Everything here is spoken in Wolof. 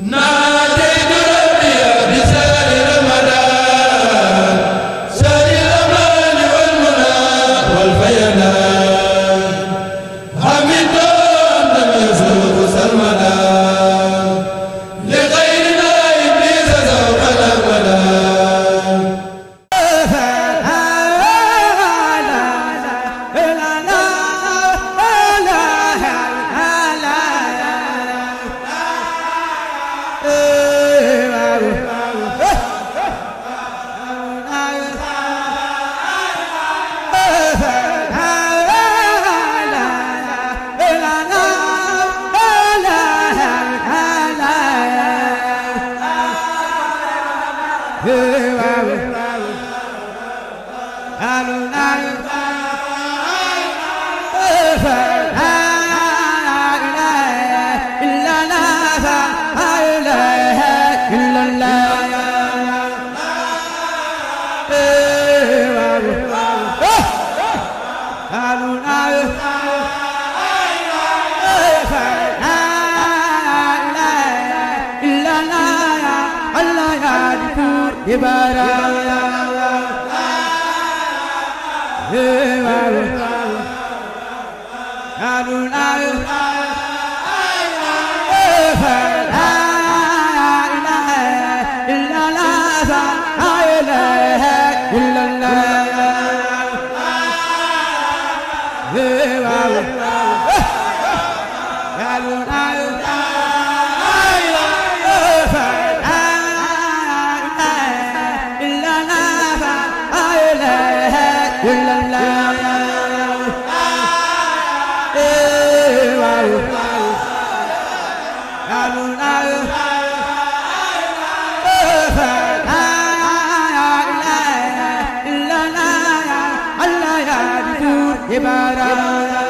na Allahu Ibarat